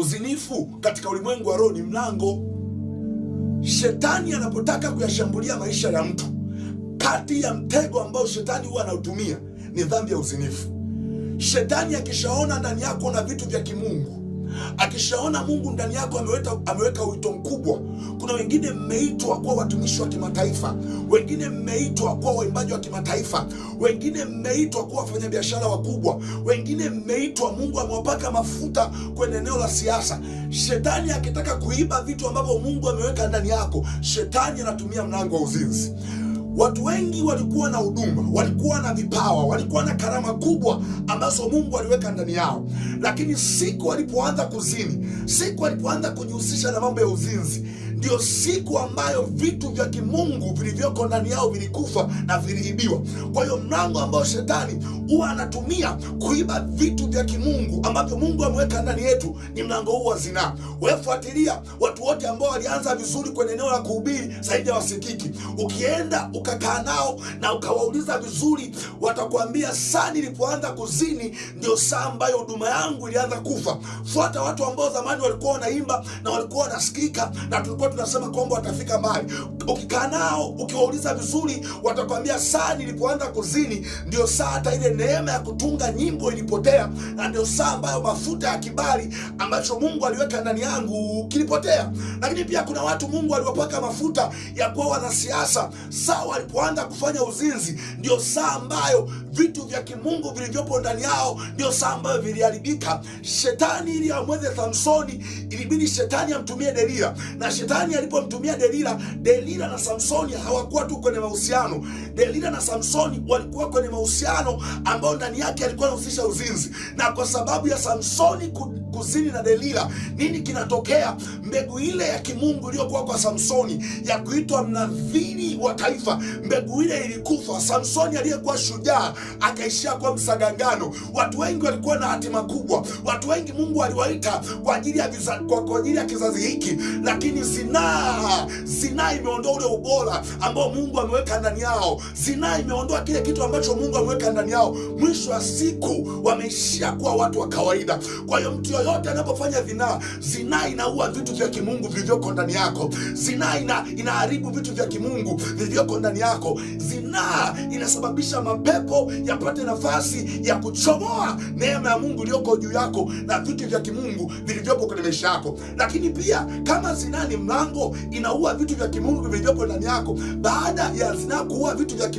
Uzinifu katika ulimwengu wa roho ni mlango. Shetani anapotaka kuyashambulia maisha ya mtu, kati ya mtego ambao shetani huwa anautumia ni dhambi ya uzinifu. Shetani akishaona ndani yako na vitu vya kimungu Akishaona Mungu ndani yako ameweka, ameweka wito mkubwa. Kuna wengine mmeitwa kuwa watumishi wa kimataifa, wengine mmeitwa kuwa waimbaji wa kimataifa, wengine mmeitwa kuwa wafanyabiashara wakubwa, wengine mmeitwa, Mungu amewapaka mafuta kwenye eneo la siasa. Shetani akitaka kuiba vitu ambavyo Mungu ameweka ndani yako, shetani anatumia mlango wa uzinzi. Watu wengi walikuwa na huduma, walikuwa na vipawa, walikuwa na karama kubwa ambazo Mungu aliweka ndani yao, lakini siku walipoanza kuzini, siku walipoanza kujihusisha na mambo ya uzinzi, ndio siku ambayo vitu vya kimungu vilivyoko ndani yao vilikufa na viliibiwa. Kwa hiyo mlango ambao shetani huwa anatumia kuiba vitu vya kimungu ambavyo Mungu ameweka ndani yetu, ni mlango huu wa zinaa. Wefuatilia watu wote ambao walianza vizuri kwenye eneo la kuhubiri, saidi ya wasikiki. Ukienda ukakaa nao na ukawauliza vizuri, watakuambia saa nilipoanza kuzini ndio saa ambayo huduma yangu ilianza kufa. Fuata watu ambao zamani walikuwa wanaimba na walikuwa wanasikika na tulikuwa tunasema kwamba watafika mbali. Ukikaa nao ukiwauliza vizuri, watakwambia saa nilipoanza kuzini ndio saa hata ile neema ya kutunga nyimbo ilipotea, na ndio saa ambayo mafuta ya kibali ambacho Mungu aliweka ndani yangu kilipotea. Lakini pia kuna watu Mungu aliwapaka mafuta ya kuwa wanasiasa, saa walipoanza kufanya uzinzi ndio saa ambayo vitu vya kimungu vilivyopo ndani yao ndio saa ambayo viliharibika. Shetani ili amweze Samsoni ilibidi shetani amtumie Delila, na shetani alipomtumia Delila, Delila Delila na Samsoni hawakuwa tu kwenye mahusiano. Delila na Samsoni walikuwa kwenye mahusiano ambayo ndani yake alikuwa anahusisha uzinzi, na kwa sababu ya Samsoni kuzini na Delila, nini kinatokea? Mbegu ile ya kimungu iliyokuwa kwa Samsoni ya kuitwa mnadhiri wa taifa, mbegu ile ilikufa. Samsoni aliyekuwa shujaa akaishia kwa msagangano. Watu wengi walikuwa na hatima kubwa, watu wengi Mungu aliwaita kwa ajili ya, kwa, ajili ya kizazi hiki, lakini zinaa zinaa katika ule ubora ambao Mungu ameweka ndani yao. Zinaa imeondoa kile kitu ambacho Mungu ameweka ndani yao. Mwisho wa siku wameishia kuwa watu wa kawaida. Kwa hiyo mtu yoyote anapofanya zinaa, zinaa inaua vitu vya kimungu vilivyoko ndani yako. Zinaa ina, inaharibu vitu vya kimungu vilivyoko ndani yako. Zinaa inasababisha mapepo yapate nafasi ya kuchomoa neema ya Mungu iliyoko juu yako na vitu vya kimungu vilivyoko kwenye maisha yako. Lakini pia kama zinaa ni mlango, inaua vitu vya kimungu vilivyopo ndani yako baada ya zinaa kuua vitu vya